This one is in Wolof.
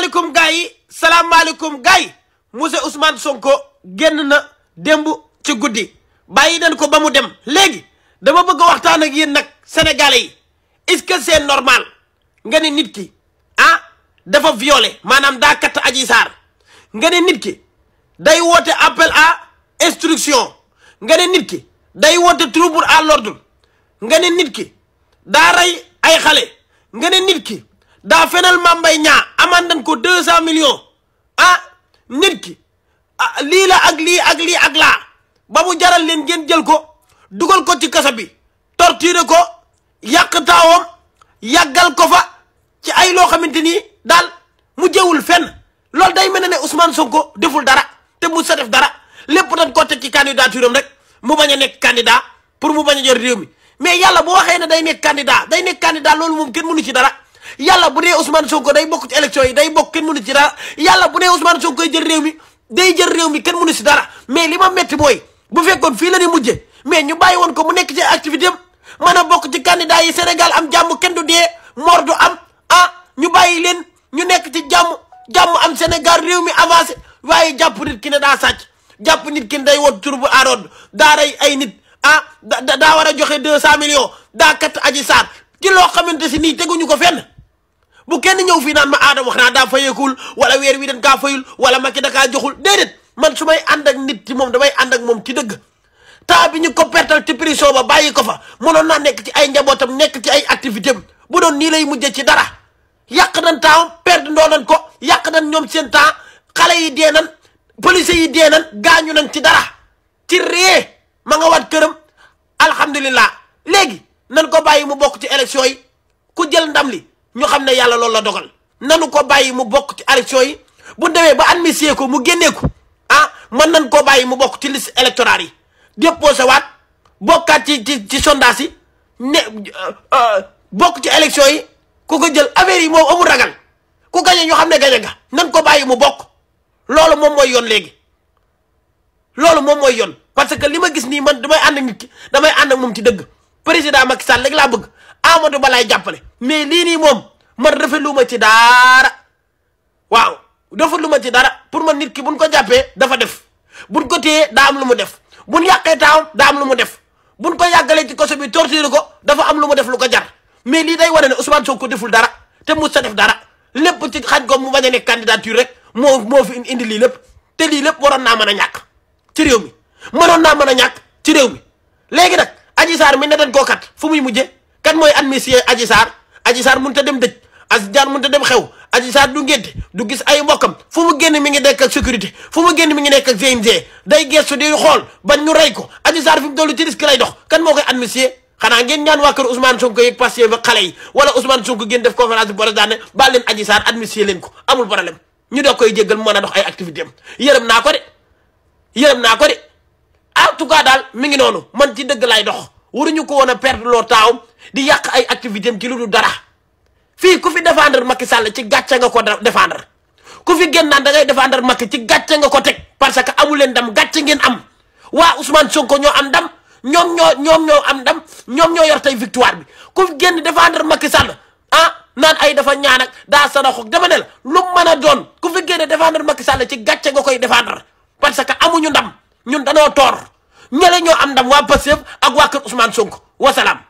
salaamaaleykum gaa yi salaamaaleykum gars yi monsieur Ousmane ko génn na démb ci guddi bàyyi nañ ko ba mu dem léegi dama bëgg waxtaan ak yéen nag sénégalais yi est que c'est normal nga ne nit ki ah dafa violé maanaam daa katt aji saar nga ne nit ki day woote appel à instruction nga ne nit ki day woote trouble à l'ordre nga ne nit ki daa rey ay xale nga nit ki daa fenal Mame ñaa Niang amandan ko deux cent millions ah nit ki ah, lii la ak lii ak lii ak ba mu jaral leen ngeen jël ko dugal ko ci kasa bi torturer ko yàq taawam yàggal ko fa ci ay loo xamante nii daal mu jëwul fen loolu day mel ne Ousmane Sonko deful dara te mu sa def dara lépp dañ ko teg ci candidature am rek mu bañ nekk candidat pour mu bañ a jor mi mais yàlla boo waxee ne day nekk candidat day nekk candidat loolu moom kenn mënu ci dara yàlla bu dee Ousmane Sonko day bokk ci élection yi day bokk kenn mënu ci dara yàlla bu dee Ousmane Sonko jël réew mi day jël réew mi kenn mënu ci dara mais lima ma métti mooy bu fekkoon fii la ni mujje mais ñu bàyyi woon ko mu nekk ci activité am mën a bokk ci candidat yi Sénégal am jàmm kenn du dee mor du am ah ñu bàyyi leen ñu nekk ci jàmm jàmm am Sénégal réew mi avancé waaye jàpp nit ki ne daa sàcc jàpp nit ki ne day wot tur bu aaroon daa rey ay nit ah daa war a joxe deux cent millions daa kat aji saar ci loo xamante si nii teguñu ko fenn bu kenn ñëw fii naan ma aadama wax naa daa fayeekul wala weer wi dañ kaa fayul wala ma ki da kaa joxul déedéet man su may ànd ak nit ci moom damay ànd ak moom ci dëgg temps bi ñu ko pertal ci prison ba bàyyi ko fa mënoon naa nekk ci ay njabootam nekk ci ay activité am bu doon nii lay mujje ci dara yàq nañ temps perte ndoo nañ ko yàq nañ ñoom seen temps xale yi dee nañ police yi dee nañ gaañu nañ ci dara ci ree ma nga wat këram alhamdulillah léegi nan ko bàyyi mu bokk ci élection yi yàlla loolu la dogal nanu ko bàyyi mu bokk ci élection yi bu demee ba admissier ko mu génnee ko ah man nañ koo bàyyi mu bokk ci liste électorale yi déposé waat bokkaat ci ci ci sondage yi ne euh, euh, bokk ci élection yi ku ko jël affaire yi moom amul ragal ku gañe ñu xam ne gañe nga nan ko bàyyi mu bokk loolu moom mooy yoon léegi loolu moom mooy yoon parce que li ma gis nii man damay ànd nit ki damay ànd ak moom ci dëgg président Macky Sall rek laa bëgg Amadou Ba laay jàppale mais lii man lu ma ci dara waaw lu ma ci dara pour man nit ki buñ ko jàppee dafa def buñ ko téyee da am lu mu def buñ yàqee taawam daa am lu mu def buñ ko yàggalee ci koso bi torture ko dafa am lu mu def lu ko jar mais lii day wane ne Ousmane ko deful dara te mu sa def dara lépp ci xaj ko mu bañ a nekk rek moo moo fi indi lii lépp te lii lépp waroon naa mën a ñàkk ci réew mi mënoon naa mën a ñàkk ci réew mi léegi nag Adji Sarr mi ne dañ koo kat fu muy mujje kan mooy admissier Adji Sarr Adji Sarr mun ta dem dëj Aziz Diagne mënut a dem xew Adji Sarr du ngénte du gis ay mbokkam fu mu génn mi ngi nekk ak sécurité fu mu génn mi ngi nekk ak GNG day gestu di xool bañ ñu rey ko Adji Sarr fi mu toll ci risque dox kan moo koy administrer xanaa ngeen ñaan waa kër Ousmane Sonko yeeg Pastef ba xale yi wala Ousmane Sonko ngeen def conférence bu boros daane baal leen Adji Sarr administrer leen ko amul problème ñu doog koy jéggal mën a dox ay activité am yërëm naa ko de yërëm naa ko de en tout cas daal mi ngi noonu man ci dëgg lay dox waruñu ko woon a perdre leur temps di yàq ay activité am ci lu dul dara fii ku fi défendre Macky Sall ci gàcce nga ko défendre ku fi génn naan da ngay défendre ci gàcce nga ko teg parce que amu leen ndam gàcce ngeen am waa Ousmane Sonko ñoo am ndam ñoom ñoo ñoom ñoo am ndam ñoom ñoo yor tey victoire bi ku fi génn défendre Macky Sall ah naan ay dafa ñaana ak daa saraxoog dama ne la lu mën a doon ku fi génn défendre Macky Sall ci gàcce nga koy défendre parce que amuñu ndam ñun danoo toor ñële ñoo am ndam waa Pastef ak waa kër Ousmane Sonko wasalaam.